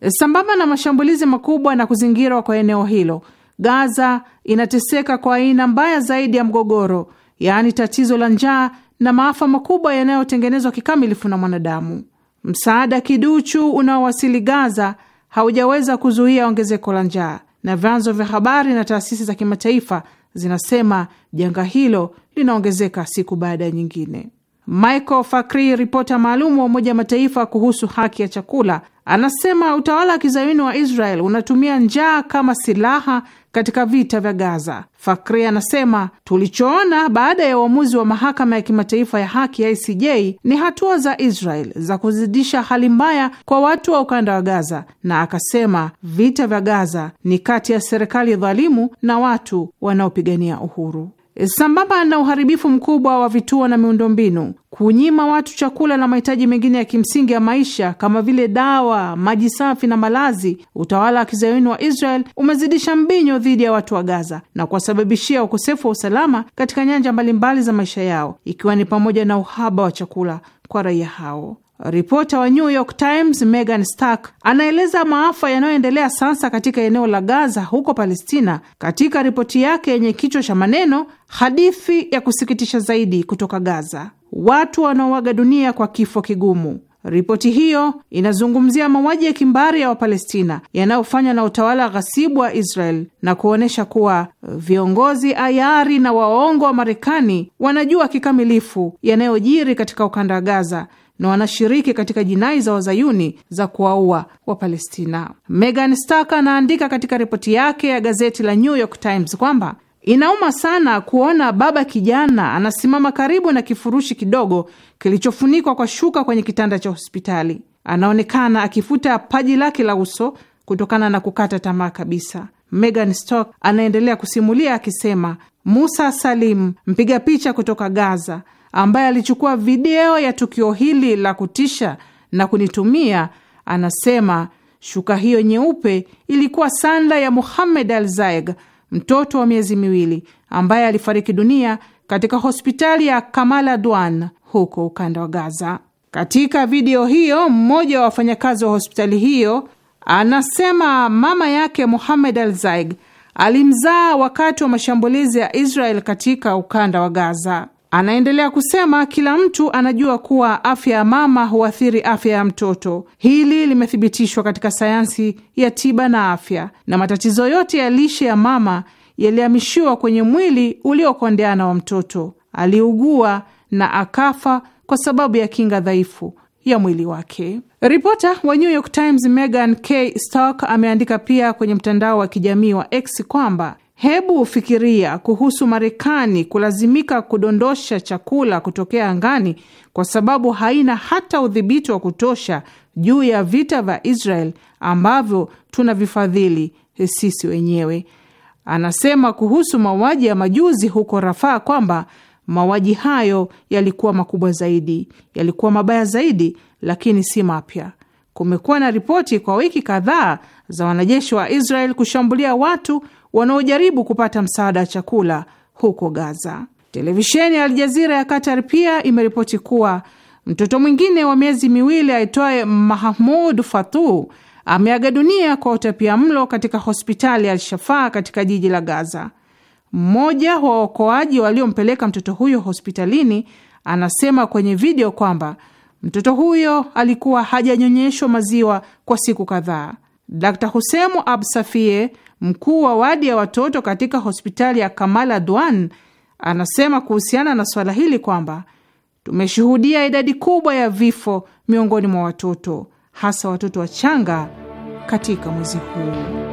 Sambamba na mashambulizi makubwa na kuzingirwa kwa eneo hilo, Gaza inateseka kwa aina mbaya zaidi ya mgogoro, yaani tatizo la njaa na maafa makubwa yanayotengenezwa kikamilifu na mwanadamu. Msaada kiduchu unaowasili Gaza haujaweza kuzuia ongezeko la njaa, na vyanzo vya habari na taasisi za kimataifa zinasema janga hilo linaongezeka siku baada ya nyingine. Michael Fakri, ripota maalum wa Umoja wa Mataifa kuhusu haki ya chakula, anasema utawala wa kizayuni wa Israel unatumia njaa kama silaha katika vita vya Gaza. Fakri anasema tulichoona baada ya uamuzi wa mahakama ya kimataifa ya haki ya ICJ ni hatua za Israel za kuzidisha hali mbaya kwa watu wa ukanda wa Gaza, na akasema vita vya Gaza ni kati ya serikali dhalimu na watu wanaopigania uhuru sambamba na uharibifu mkubwa wa vituo na miundombinu, kunyima watu chakula na mahitaji mengine ya kimsingi ya maisha kama vile dawa, maji safi na malazi, utawala wa kizayuni wa Israel umezidisha mbinyo dhidi ya watu wa Gaza na kuwasababishia ukosefu wa usalama katika nyanja mbalimbali za maisha yao, ikiwa ni pamoja na uhaba wa chakula kwa raia hao. Ripota wa New York Times Megan Stark anaeleza maafa yanayoendelea sasa katika eneo la Gaza huko Palestina katika ripoti yake yenye kichwa cha maneno hadithi ya kusikitisha zaidi kutoka Gaza, watu wanaoaga dunia kwa kifo kigumu. Ripoti hiyo inazungumzia mauaji ya kimbari ya Wapalestina yanayofanywa na utawala ghasibu wa Israel na kuonyesha kuwa viongozi ayari na waongo wa Marekani wanajua kikamilifu yanayojiri katika ukanda wa Gaza na wanashiriki katika jinai za wazayuni za kuwaua Wapalestina. Megan Stark anaandika katika ripoti yake ya gazeti la New York Times kwamba Inauma sana kuona baba kijana anasimama karibu na kifurushi kidogo kilichofunikwa kwa shuka kwenye kitanda cha hospitali. Anaonekana akifuta paji lake la uso kutokana na kukata tamaa kabisa. Megan Stock anaendelea kusimulia akisema, Musa Salim, mpiga picha kutoka Gaza, ambaye alichukua video ya tukio hili la kutisha na kunitumia, anasema shuka hiyo nyeupe ilikuwa sanda ya Muhammad al Zaig, mtoto wa miezi miwili ambaye alifariki dunia katika hospitali ya kamala dwan huko ukanda wa Gaza. Katika video hiyo, mmoja wa wafanyakazi wa hospitali hiyo anasema mama yake Muhammad al Zaig alimzaa wakati wa mashambulizi ya Israel katika ukanda wa Gaza. Anaendelea kusema kila mtu anajua kuwa afya ya mama huathiri afya ya mtoto. Hili limethibitishwa katika sayansi ya tiba na afya, na matatizo yote ya lishe ya mama yalihamishiwa kwenye mwili uliokondeana wa mtoto. Aliugua na akafa kwa sababu ya kinga dhaifu ya mwili wake. Ripota wa New York Times Megan K Stark ameandika pia kwenye mtandao wa kijamii wa X kwamba Hebu fikiria kuhusu Marekani kulazimika kudondosha chakula kutokea angani kwa sababu haina hata udhibiti wa kutosha juu ya vita vya Israel ambavyo tunavifadhili sisi wenyewe. Anasema kuhusu mauaji ya majuzi huko Rafaa kwamba mauaji hayo yalikuwa makubwa zaidi, yalikuwa mabaya zaidi, lakini si mapya. Kumekuwa na ripoti kwa wiki kadhaa za wanajeshi wa Israel kushambulia watu wanaojaribu kupata msaada wa chakula huko Gaza. Televisheni ya Aljazira ya Qatar pia imeripoti kuwa mtoto mwingine wa miezi miwili aitwaye Mahmud Fatu ameaga dunia kwa utapia mlo katika hospitali ya shafa katika jiji la Gaza. Mmoja wa waokoaji waliompeleka mtoto huyo hospitalini anasema kwenye video kwamba mtoto huyo alikuwa hajanyonyeshwa maziwa kwa siku kadhaa. Dr Husemu Absafie, mkuu wa wadi ya watoto katika hospitali ya kamala dwan anasema kuhusiana na swala hili kwamba tumeshuhudia idadi kubwa ya vifo miongoni mwa watoto, hasa watoto wachanga katika mwezi huu.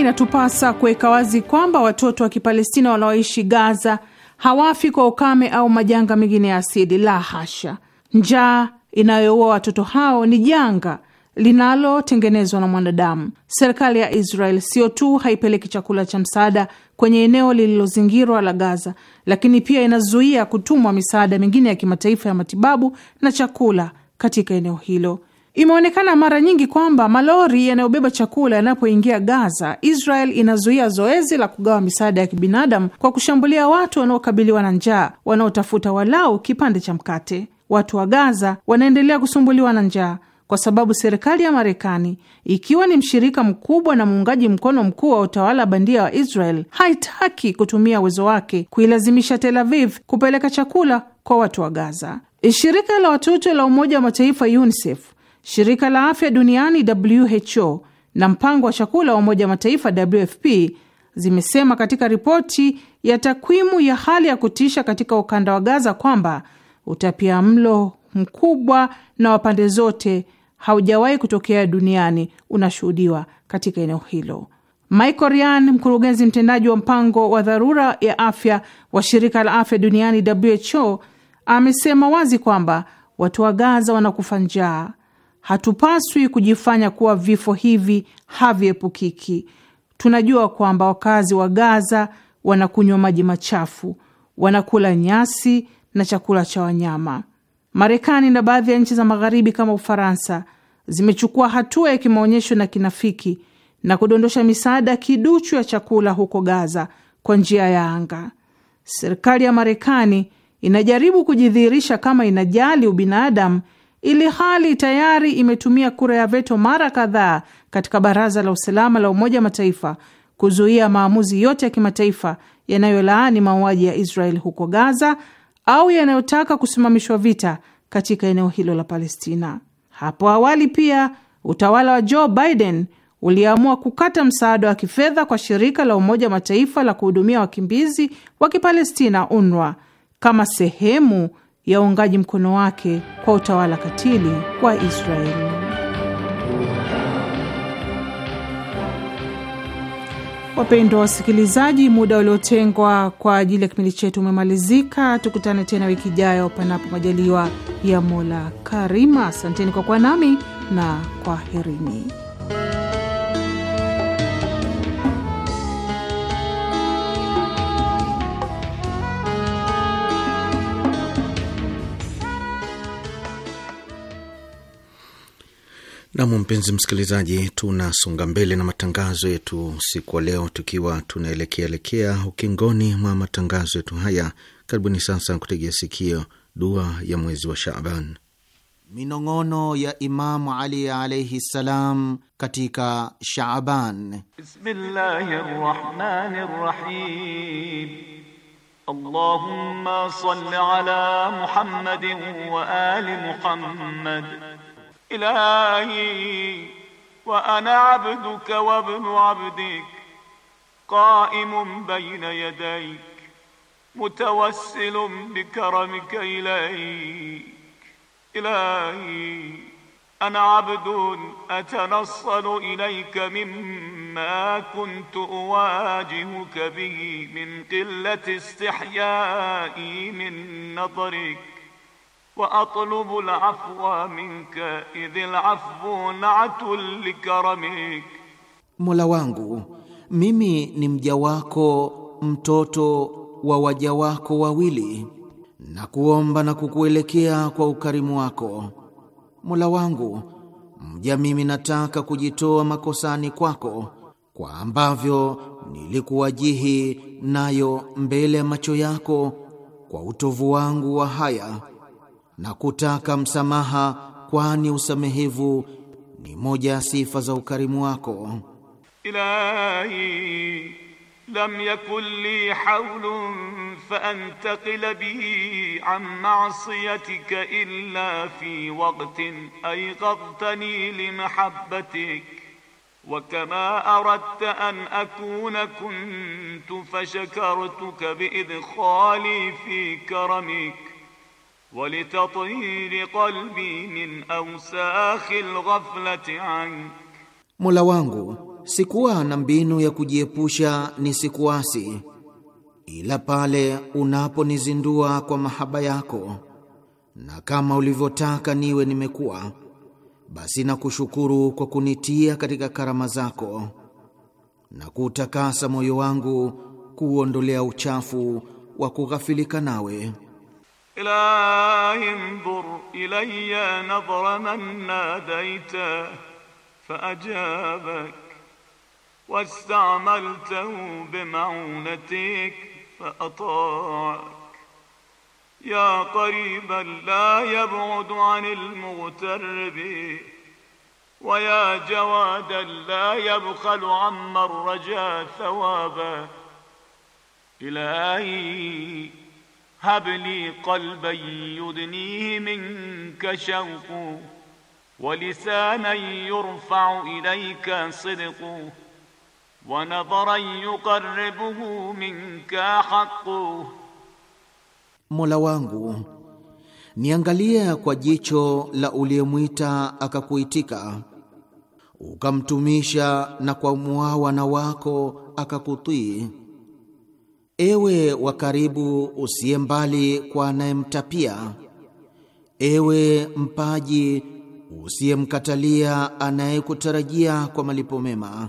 inatupasa kuweka wazi kwamba watoto wa Kipalestina wanaoishi Gaza hawafi kwa ukame au majanga mengine ya asili. La hasha, njaa inayoua watoto hao ni janga linalotengenezwa na mwanadamu. Serikali ya Israel sio tu haipeleki chakula cha msaada kwenye eneo lililozingirwa la Gaza, lakini pia inazuia kutumwa misaada mingine ya kimataifa ya matibabu na chakula katika eneo hilo. Imeonekana mara nyingi kwamba malori yanayobeba chakula yanapoingia Gaza, Israel inazuia zoezi la kugawa misaada ya kibinadamu kwa kushambulia watu wanaokabiliwa na njaa, wanaotafuta walau kipande cha mkate. Watu wa Gaza wanaendelea kusumbuliwa na njaa kwa sababu serikali ya Marekani ikiwa ni mshirika mkubwa na muungaji mkono mkuu wa utawala bandia wa Israel haitaki kutumia uwezo wake kuilazimisha Tel Aviv kupeleka chakula kwa watu wa Gaza. Shirika la watoto la Umoja wa Mataifa UNICEF Shirika la Afya Duniani WHO na Mpango wa Chakula wa Umoja Mataifa WFP zimesema katika ripoti ya takwimu ya hali ya kutisha katika ukanda wa Gaza kwamba utapia mlo mkubwa na wa pande zote haujawahi kutokea duniani unashuhudiwa katika eneo hilo. Michael Ryan, mkurugenzi mtendaji wa mpango wa dharura ya afya wa shirika la afya duniani WHO, amesema wazi kwamba watu wa Gaza wanakufa njaa Hatupaswi kujifanya kuwa vifo hivi haviepukiki. Tunajua kwamba wakazi wa Gaza wanakunywa maji machafu, wanakula nyasi na chakula cha wanyama. Marekani na baadhi ya nchi za Magharibi kama Ufaransa zimechukua hatua ya kimaonyesho na kinafiki na kudondosha misaada kiduchu ya chakula huko Gaza kwa njia ya anga. Serikali ya Marekani inajaribu kujidhihirisha kama inajali ubinadamu ili hali tayari imetumia kura ya veto mara kadhaa katika Baraza la Usalama la Umoja wa Mataifa kuzuia maamuzi yote ya kimataifa yanayolaani mauaji ya Israel huko Gaza au yanayotaka kusimamishwa vita katika eneo hilo la Palestina. Hapo awali pia utawala wa Joe Biden uliamua kukata msaada wa kifedha kwa shirika la Umoja wa Mataifa la kuhudumia wakimbizi wa Kipalestina, UNRWA, kama sehemu ya uungaji mkono wake kwa utawala katili wa Israeli. Wapendwa wasikilizaji, muda uliotengwa kwa ajili ya kipindi chetu umemalizika. Tukutane tena wiki ijayo, panapo majaliwa ya Mola Karima. Asanteni kwa kuwa nami na kwaherini. Nam, mpenzi msikilizaji, tunasonga mbele na matangazo yetu siku wa leo, tukiwa tunaelekeaelekea ukingoni mwa matangazo yetu haya. Karibuni sasa kutegea sikio dua ya mwezi wa Shaban, minong'ono ya Imamu Ali alaihi ssalam katika Shaban. rahim Allahumma salli ala Muhammadin wa ali Muhammad إلهي وأنا عبدك وابن عبدك قائم بين يديك متوسل بكرمك إليك إلهي أنا عبد أتنصل إليك مما كنت أواجهك به من قلة استحيائي من نظرك wa atlubu al-afwa minka idhil afwu na'atul likaramik, Mola wangu mimi ni mja wako mtoto wa waja wako wawili na kuomba na kukuelekea kwa ukarimu wako. Mola wangu mja mimi nataka kujitoa makosani kwako kwa ambavyo nilikuwajihi nayo mbele ya macho yako kwa utovu wangu wa haya na kutaka msamaha, kwani usamehevu ni moja ya sifa za ukarimu wako. Ilahi lam yakun li hawlun fa antaqila bi an ma'siyatika illa fi waqtin ayqadtani li mahabbatik wa kama aradta an akuna kuntu fashakartuka bi idkhali fi karamik ولتطهير قلبي من awsakh alghaflati عنك Mola wangu sikuwa na mbinu ya kujiepusha nisikuasi, ila pale unaponizindua kwa mahaba yako, na kama ulivyotaka niwe nimekuwa, basi nakushukuru kwa kunitia katika karama zako na kuutakasa moyo wangu kuuondolea uchafu wa kughafilika nawe. إلهي انظر إلي نظر من ناديته فأجابك واستعملته بمعونتك فأطاعك يا قريبا لا يبعد عن المغترب ويا جوادا لا يبخل عمن رجا ثوابه إلهي habli qalban yudnihi minka shauqu wa lisanan yurfau ilayka sidqu wa nadharan yuqarribuhu minka haqqu, Mola wangu niangalia kwa jicho la uliyemwita akakuitika, ukamtumisha na kwa muawana wako akakutii Ewe wa karibu usiye mbali kwa anayemtapia, ewe mpaji usiyemkatalia anayekutarajia kwa malipo mema.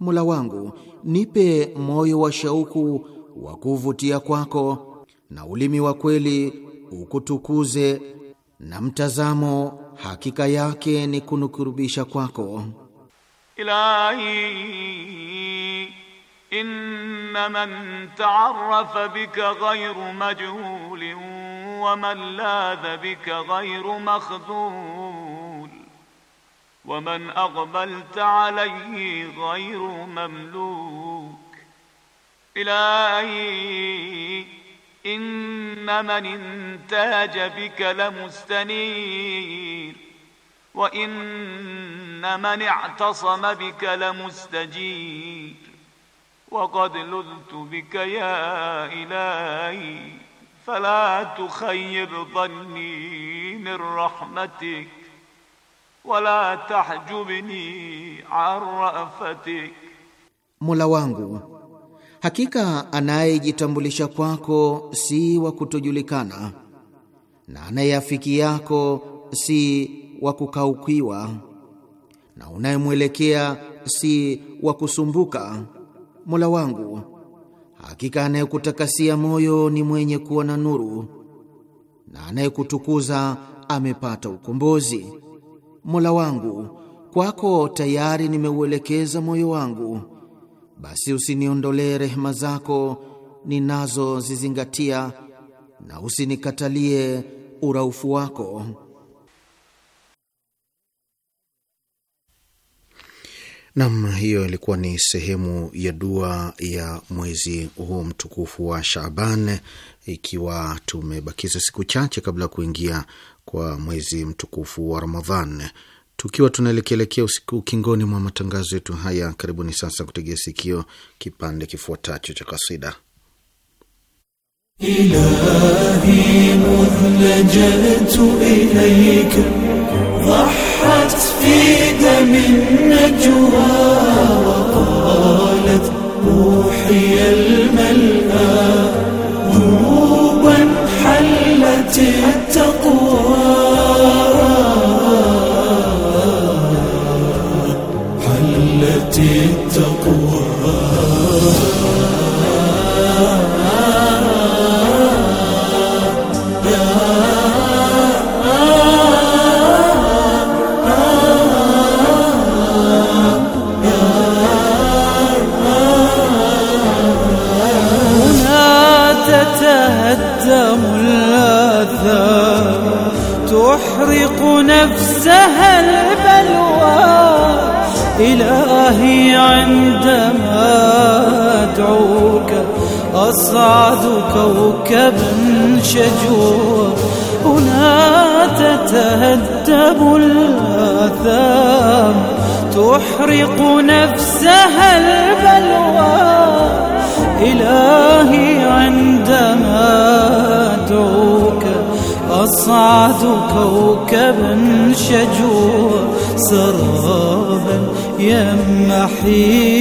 Mola wangu, nipe moyo wa shauku wa kuvutia kwako, na ulimi wa kweli ukutukuze, na mtazamo hakika yake ni kunukurubisha kwako. Ilahi إن من تعرف بك غير مجهول ومن لاذ بك غير مخذول ومن أقبلت عليه غير مملوك إلهي إن من انتاج بك لمستنير وإن من اعتصم بك لمستجير Waqad ludhtu bika ya ilahi fala tukhayyib dhanni min rahmatik wala tahjubni an rafatik, Mola wangu, hakika anayejitambulisha kwako si wa kutojulikana na anayeafiki yako si wa kukaukiwa na unayemwelekea si wa kusumbuka Mola wangu, hakika anayekutakasia moyo ni mwenye kuwa na nuru, na anayekutukuza amepata ukombozi. Mola wangu, kwako tayari nimeuelekeza moyo wangu, basi usiniondolee rehema zako ninazozizingatia, na usinikatalie uraufu wako. Nam, hiyo ilikuwa ni sehemu ya dua ya mwezi huu mtukufu wa Shaaban, ikiwa tumebakiza siku chache kabla ya kuingia kwa mwezi mtukufu wa Ramadhan, tukiwa tunaelekelekea usiku kingoni mwa matangazo yetu haya. Karibuni sasa kutegea sikio kipande kifuatacho cha kasida Ilahi وقالت في دم النجوى وقالت روحي الملأى ذنوبا حلت التقوى حلت التقوى الدم اللاثة تحرق نفسها البلوى إلهي عندما أدعوك أصعد كوكبا شجوا هنا تتهدم الآثام تحرق نفسها البلوى إلهي عندما أدعوك أصعد كوكبا شجوا سرابا يمحي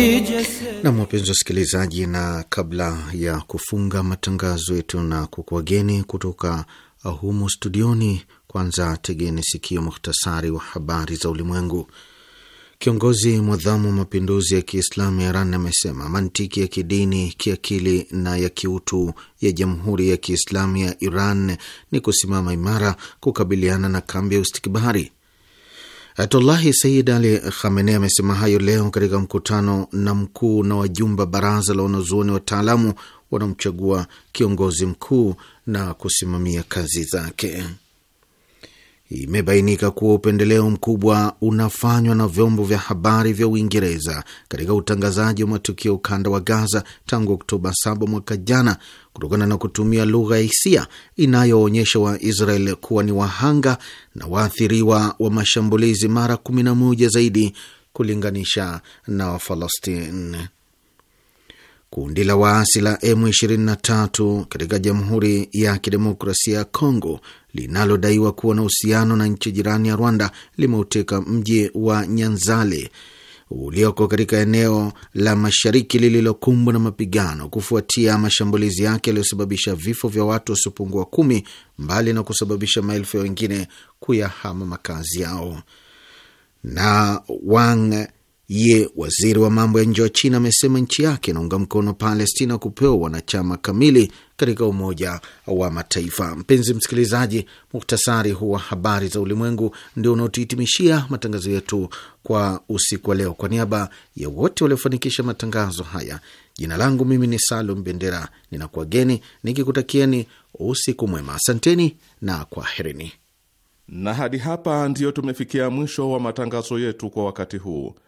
Nam, wapenzi wasikilizaji, na kabla ya kufunga matangazo yetu na kukuwageni kutoka humo studioni, kwanza tegeni sikio muhtasari wa habari za ulimwengu. Kiongozi mwadhamu wa mapinduzi ya Kiislamu ya Iran amesema mantiki ya kidini, kiakili na ya kiutu ya Jamhuri ya Kiislamu ya Iran ni kusimama imara kukabiliana na kambi ya ustikbari. Ayatullahi Sayyid Ali Khamenei amesema hayo leo katika mkutano na mkuu na wajumbe baraza la wanazuoni wataalamu wanaomchagua kiongozi mkuu na kusimamia kazi zake imebainika kuwa upendeleo mkubwa unafanywa na vyombo vya habari vya Uingereza katika utangazaji wa matukio ukanda wa Gaza tangu Oktoba 7 mwaka jana, kutokana na kutumia lugha ya hisia inayoonyesha Waisrael kuwa ni wahanga na waathiriwa wa mashambulizi mara 11 zaidi kulinganisha na Wafalastini. Kundi la waasi la M23 katika Jamhuri ya Kidemokrasia ya Kongo linalodaiwa kuwa na uhusiano na nchi jirani ya Rwanda limeuteka mji wa Nyanzale ulioko katika eneo la mashariki lililokumbwa na mapigano kufuatia mashambulizi yake yaliyosababisha vifo vya watu wasiopungua kumi, mbali na kusababisha maelfu ya wengine kuyahama makazi yao. Na Wang Ye waziri wa mambo ya nje wa China amesema nchi yake inaunga mkono Palestina kupewa wanachama kamili katika Umoja wa Mataifa. Mpenzi msikilizaji, muktasari huu wa habari za ulimwengu ndio unaotuhitimishia matangazo yetu kwa usiku wa leo. Kwa niaba ya wote waliofanikisha matangazo haya, jina langu mimi ni Salum Bendera, ninakuageni nikikutakieni usiku mwema. Asanteni na kwaherini. Na hadi hapa ndiyo tumefikia mwisho wa matangazo yetu kwa wakati huu.